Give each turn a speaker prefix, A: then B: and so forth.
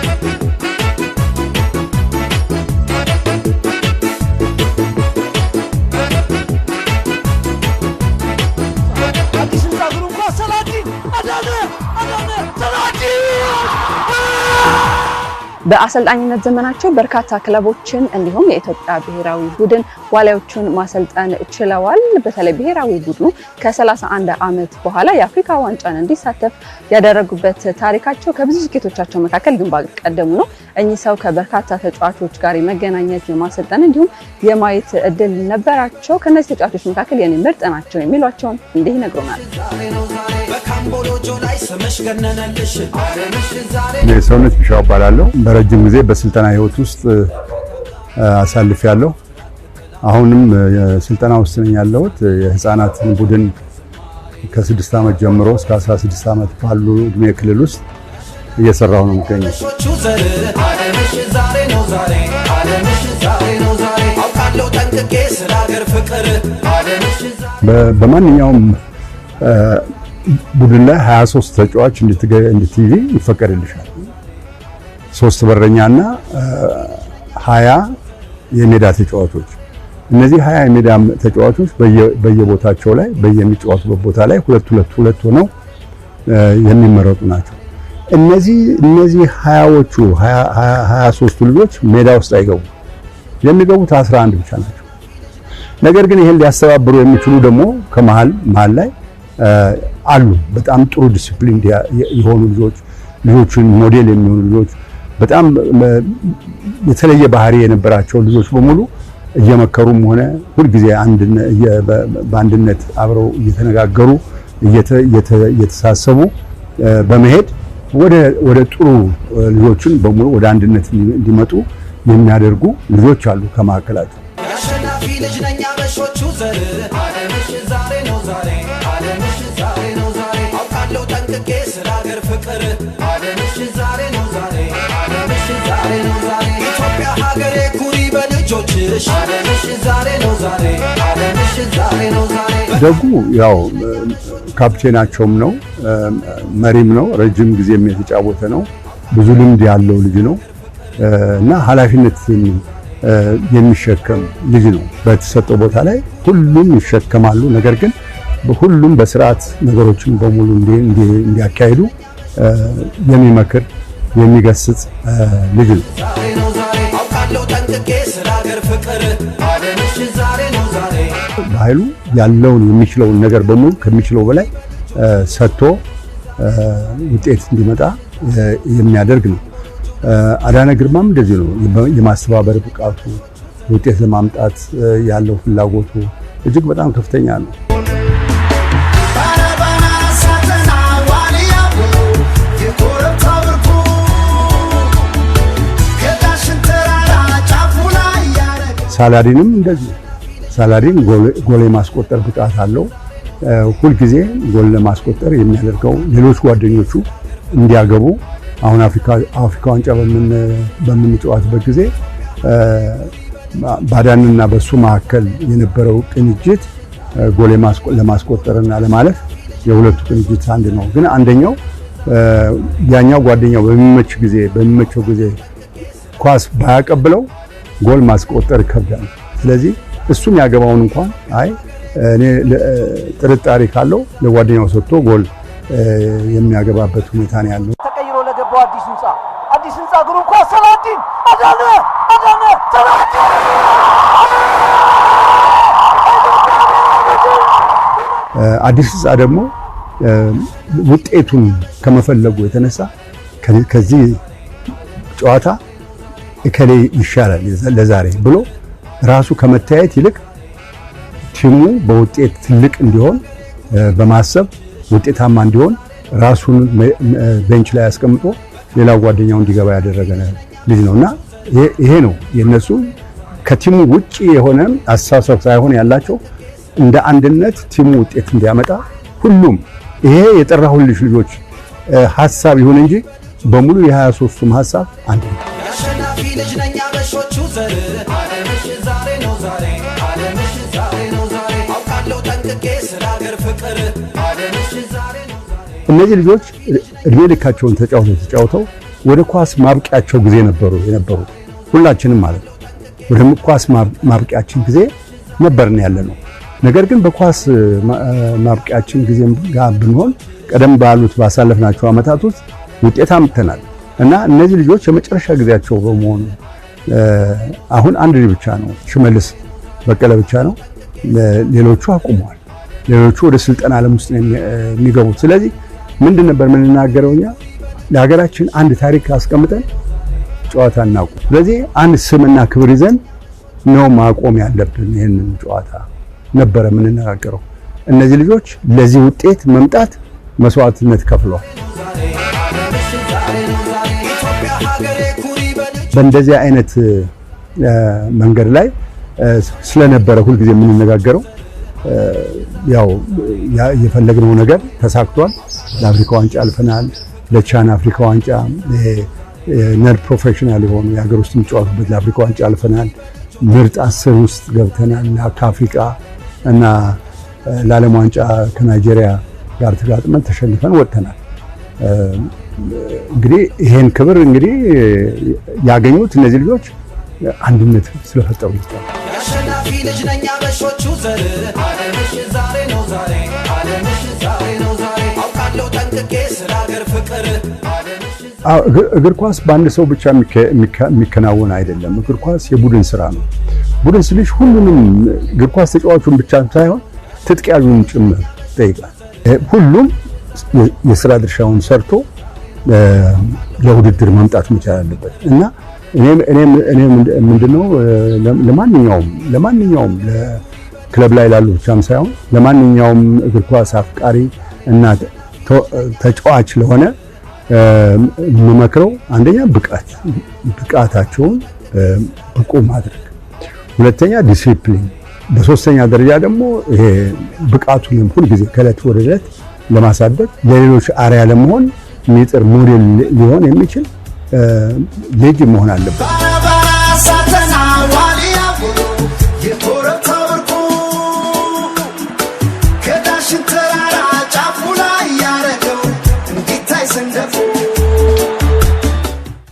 A: Thank you. በአሰልጣኝነት ዘመናቸው በርካታ ክለቦችን እንዲሁም የኢትዮጵያ ብሔራዊ ቡድን ዋሊያዎቹን ማሰልጠን ችለዋል። በተለይ ብሔራዊ ቡድኑ ከ31 ዓመት በኋላ የአፍሪካ ዋንጫን እንዲሳተፍ ያደረጉበት ታሪካቸው ከብዙ ስኬቶቻቸው መካከል ግንባር ቀደሙ ነው። እኚህ ሰው ከበርካታ ተጫዋቾች ጋር የመገናኘት የማሰልጠን እንዲሁም የማየት እድል ነበራቸው። ከእነዚህ ተጫዋቾች መካከል የኔ ምርጥ ናቸው የሚሏቸውን እንዲህ ይነግሩናል።
B: የሰውነት ቢሻው እባላለሁ። በረጅም ጊዜ በስልጠና ህይወት ውስጥ አሳልፍ ያለሁ አሁንም ስልጠና ውስጥ ነኝ ያለሁት የህፃናትን ቡድን ከስድስት ዓመት ጀምሮ እስከ 16 ዓመት ባሉ እድሜ ክልል ውስጥ እየሰራሁ ነው የሚገኘው። በማንኛውም ቡድን ላይ 23 ተጫዋች እንድትይዥ ይፈቀድልሻል። ሶስት በረኛና ሀያ የሜዳ ተጫዋቾች። እነዚህ ሀያ የሜዳ ተጫዋቾች በየቦታቸው ላይ በየሚጫወቱበት ቦታ ላይ ሁለት ሁለት ሁለት ሆነው የሚመረጡ ናቸው። እነዚህ እነዚህ ሀያዎቹ ሀያ ሶስቱ ልጆች ሜዳ ውስጥ አይገቡ የሚገቡት አስራ አንድ ብቻ ናቸው። ነገር ግን ይህን ሊያስተባብሩ የሚችሉ ደግሞ ከመሀል መሀል ላይ አሉ። በጣም ጥሩ ዲስፕሊን የሆኑ ልጆች ልጆቹን ሞዴል የሚሆኑ ልጆች በጣም የተለየ ባህሪ የነበራቸው ልጆች በሙሉ እየመከሩም ሆነ ሁልጊዜ በአንድነት አብረው እየተነጋገሩ እየተሳሰቡ በመሄድ ወደ ጥሩ ልጆችን በሙሉ ወደ አንድነት እንዲመጡ የሚያደርጉ ልጆች አሉ ከመካከላቸው። የአሸናፊ ልጅ ነኝ አበሾቹ ዘር ደጉ ያው ካፕቴናቸውም ነው መሪም ነው። ረጅም ጊዜም የተጫወተ ነው። ብዙ ልምድ ያለው ልጅ ነው እና ኃላፊነትን የሚሸከም ልጅ ነው። በተሰጠው ቦታ ላይ ሁሉም ይሸከማሉ። ነገር ግን ሁሉም በስርዓት ነገሮችን በሙሉ እንዲያካሂዱ የሚመክር የሚገስጽ ልጅ ነው። ተንበርክኬ ስለ ፍቅር ዛሬ ነው ዛሬ። ያለውን የሚችለውን ነገር በሙሉ ከሚችለው በላይ ሰጥቶ ውጤት እንዲመጣ የሚያደርግ ነው። አዳነ ግርማም እንደዚህ ነው። የማስተባበር ብቃቱ ውጤት ለማምጣት ያለው ፍላጎቱ እጅግ በጣም ከፍተኛ ነው። ሳላዲንም እንደዚህ ሳላዲን ጎል የማስቆጠር ብቃት አለው። ሁልጊዜ ጎል ለማስቆጠር የሚያደርገው ሌሎች ጓደኞቹ እንዲያገቡ አሁን አፍሪካ ዋንጫ በምንጫወትበት ጊዜ ባዳንና በሱ መካከል የነበረው ቅንጅት ጎል ለማስቆጠርና ለማለፍ የሁለቱ ቅንጅት አንድ ነው። ግን አንደኛው ያኛው ጓደኛው በሚመች ጊዜ በሚመቸው ጊዜ ኳስ ባያቀብለው ጎል ማስቆጠር ይከብዳል። ስለዚህ እሱም ያገባውን እንኳን አይ እኔ ጥርጣሬ ካለው ለጓደኛው ሰጥቶ ጎል የሚያገባበት ሁኔታ ነው ያለው። ተቀይሮ ለገባው አዲስ ህንፃ አዲስ ህንፃ ግሩ እንኳ ሰላዲን አዳነ አዳነ ሰላዲን አዲስ ህንፃ ደግሞ ውጤቱን ከመፈለጉ የተነሳ ከዚህ ጨዋታ እከሌ ይሻላል ለዛሬ ብሎ ራሱ ከመታየት ይልቅ ቲሙ በውጤት ትልቅ እንዲሆን በማሰብ ውጤታማ እንዲሆን ራሱን ቤንች ላይ አስቀምጦ ሌላው ጓደኛው እንዲገባ ያደረገ ልጅ ነው እና ይሄ ነው የነሱ ከቲሙ ውጭ የሆነ አስተሳሰብ ሳይሆን ያላቸው እንደ አንድነት ቲሙ ውጤት እንዲያመጣ ሁሉም ይሄ የጠራሁልሽ ልጆች ሀሳብ ይሁን እንጂ በሙሉ የ23ቱም ሀሳብ አንድ ነው። ልጅ ነኝ አበሾቹ ዘር አለምሽ ዛሬ ነው ዛሬ አለምሽ ዛሬ ነው ዛሬ አውቃለሁ ጠንቅቄ ስለ ፍቅር አለምሽ ዛሬ። እነዚህ ልጆች እድሜ ልካቸውን ተጫውተው ተጫውተው ወደ ኳስ ማብቂያቸው ጊዜ ነበሩ የነበሩ ሁላችንም ማለት ነው። ወደ ኳስ ማብቂያችን ጊዜ ነበርን ያለ ነው። ነገር ግን በኳስ ማብቂያችን ጊዜ ጋር ብንሆን ቀደም ባሉት ባሳለፍናቸው ዓመታት ውስጥ ውጤት አምጥተናል። እና እነዚህ ልጆች የመጨረሻ ጊዜያቸው በመሆኑ አሁን አንድ ልጅ ብቻ ነው ሽመልስ በቀለ ብቻ ነው። ሌሎቹ አቁመዋል። ሌሎቹ ወደ ስልጠና ዓለም ውስጥ ነው የሚገቡት። ስለዚህ ምንድን ነበር የምንናገረው እኛ ለሀገራችን አንድ ታሪክ አስቀምጠን ጨዋታ እናቁም። ስለዚህ አንድ ስምና ክብር ይዘን ነው ማቆም ያለብን። ይህንን ጨዋታ ነበረ የምንነጋገረው። እነዚህ ልጆች ለዚህ ውጤት መምጣት መስዋዕትነት ከፍለዋል። በእንደዚህ አይነት መንገድ ላይ ስለነበረ ሁልጊዜ የምንነጋገረው ያው የፈለግነው ነገር ተሳክቷል። ለአፍሪካ ዋንጫ አልፈናል። ለቻን አፍሪካ ዋንጫ ነር ፕሮፌሽናል የሆኑ የሀገር ውስጥ የሚጫወቱበት ለአፍሪካ ዋንጫ አልፈናል። ምርጥ አስር ውስጥ ገብተናል። ከአፍሪቃ እና ለዓለም ዋንጫ ከናይጄሪያ ጋር ተጋጥመን ተሸንፈን ወጥተናል። እንግዲህ ይሄን ክብር እንግዲህ ያገኙት እነዚህ ልጆች አንድነት ስለፈጠሩ ይችላል። ልጅ ነኝ አበሾቹ ዘር አለምሽ ዛሬ ነው ዛሬ አለምሽ ዛሬ ነው ዛሬ አውቃለሁ ጠንቅቄ ስለ ፍቅር እግር ኳስ በአንድ ሰው ብቻ የሚከናወን አይደለም። እግር ኳስ የቡድን ስራ ነው። ቡድን ስልሽ ሁሉንም እግር ኳስ ተጫዋቹን ብቻ ሳይሆን ትጥቅ ያሉን ጭምር ጠይቃል። ሁሉም የስራ ድርሻውን ሰርቶ ለውድድር መምጣት መቻል አለበት እና ምንድነው ለማንኛውም ለማንኛውም ክለብ ላይ ላሉ ብቻም ሳይሆን ለማንኛውም እግር ኳስ አፍቃሪ እና ተጫዋች ለሆነ የምመክረው አንደኛ ብቃት ብቃታቸውን ብቁ ማድረግ፣ ሁለተኛ ዲሲፕሊን፣ በሶስተኛ ደረጃ ደግሞ ይሄ ብቃቱንም ሁልጊዜ ከእለት ወደ እለት ለማሳደግ ለሌሎች አርያ ለመሆን ሜትር ሞዴል ሊሆን የሚችል ልጅ መሆን አለበት።